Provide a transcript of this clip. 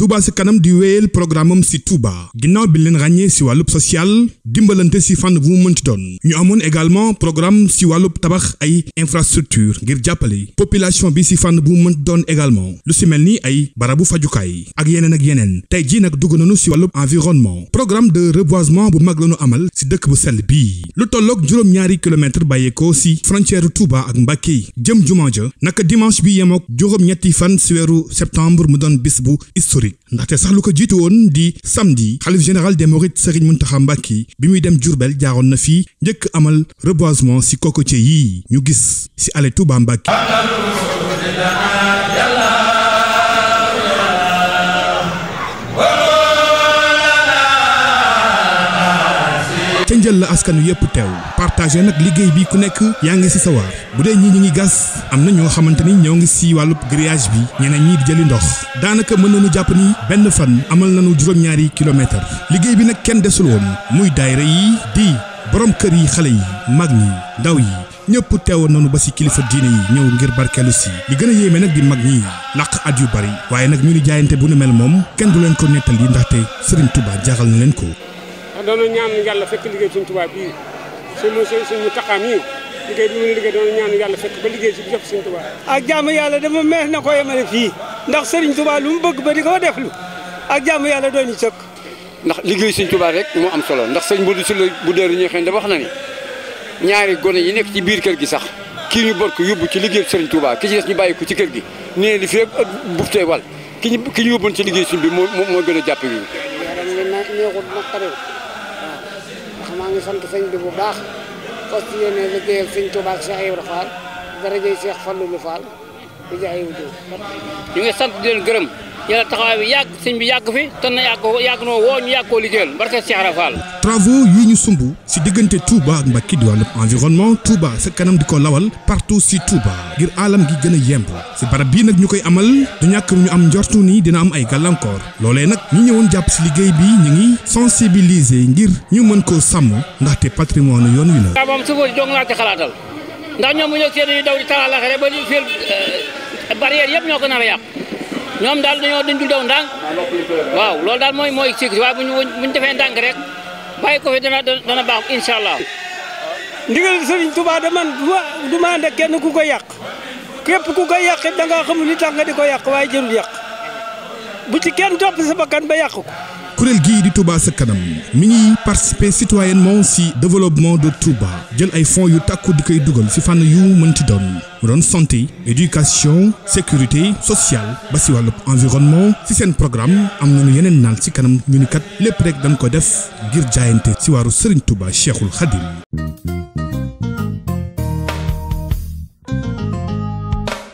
Touba si kanam di wéyal programme am si Touba ginnaaw bi leen ràññee si wàllub social dimbalante si fànn bu mu mënti doon ñu amoon également programme si wàllub tabax ay infrastructure ngir jàppale population bi si fànn bu mu mënti doon également lu si mel ni ay barabu fajukaay ak yeneen ak yeneen tey jii nag dugg nañu si wàllub environnement programme de reboisement bu mag la amal ci dëkk bu sell bii lu tollook juróom-ñaari kilomètre bàyyeekoo si frontière Touba ak Mbàkke jëm jumaa ja naka dimanche bi yemook juróom-ñetti fan si septembre mu doon bis bu historique ndaxte sax lu ko jiitu woon di samedi xalif général des mourides mun Mountakha Mbacké bi muy dem Diourbel jaaroon na fi njëkk amal reboisement si cocotier yi ñu gis si ale Touba Mbacké yitteel la askan wi yëpp teew partagé nag liggéey bi ku nekk yaa ngi si sa waar bu dee ñii ñi ngi gas am na ñoo xamante ni ñoo ngi si wàllu grillage bi ñeneen ñii di jëli ndox daanaka mën na nañu jàpp ni benn fan amal na nañu juróom-ñaari kilomètre liggéey bi nag kenn desul woon muy daayira yi di borom kër yi xale yi mag ñi ndaw yi ñëpp teewoon nañu ba si kilifa diine yi ñëw ngir barkeelu si li gën a yéeme nag di mag ñi làq at yu bari waaye nag ñu ni jaayante bu nu mel moom kenn du leen ko nettali ndaxte Serigne Touba jaaxal na leen ko. ndax doonu ñaan yàlla fekk liggéey suñu tubaab bii suñu suñu taxaam yi liggéey doonu ñaan yàlla fekk ba liggéey si jëf suñu tubaab ak jaamu yàlla dama meex na ko yemale fii ndax sëriñ tubaab lu mu bëgg ba di ko deflu ak jaamu yàlla doon ñu sëkk ndax liggéey suñu tubaab rek moo am solo ndax sëñ Modou Sylla bu deeru ñuy xëy da wax na ni ñaari gone yi nekk ci biir kër gi sax kii ñu bor yóbbu ci liggéey sëriñ Touba ki ci des ñu bàyyi ko ci kër gi nee li fi buftee wal ki ci liggéey suñ bi moo moo gën a jàpp maa ngi sant sëñ bi bu baax fas yéene liggéeyal sëñ Tuubaa ak Cheikh Ibrahima Fall darajey Cheikh Fallou Fall di jaay wu ñu ngi sant di leen gërëm yàlla taxawaay bi yàgg sëñ bi yàgg fi te na yàgg yàgg woo ñu yàgg koo liggéeyal barke Cheikh Rafal travaux yi ñu sumb si diggante Touba ak Mbacké di wàllu environnement Touba sa kanam di ko lawal partout si Touba ngir alam gi gën a yemb si barab bii nag ñu koy amal du ñàkk ñu am njortu nii dina am ay gàllankoor loolee nag ñi ñëwoon jàpp si liggéey bi ñu ngi sensibiliser ngir ñu mën ko sàmm ndaxte patrimoine yoon wi la. waaw moom ci xalaatal ndax euh, a ñoom daal dañoo dañ dul daw ndànk waaw lool daal mooy mooy sikk waaye bu ñu bu ñu defee ndànk rek bàyyi ko fi dana dana baax incha allah. ndigal Serigne Touba da man du ma ànd ak kenn ku ko yàq képp ku ko yàq it da ngaa xamul li tax nga di ko yàq waaye jërul yàq bu ci kenn topp sa kan ba yàq ko. kuréel gii di Touba sa kanam mi ngi participer citoyennement si développement de Touba jël ay fonds yu tàkku di koy dugal si fànn yu mënti doon mu doon santé éducation sécurité sociale ba si wàllu environnement ci seen programme am na ñu yeneen naal si kanam ñu ni kat lépp rek dañ ko def ngir jaayante si waaru Serigne Touba Cheikhul Khadim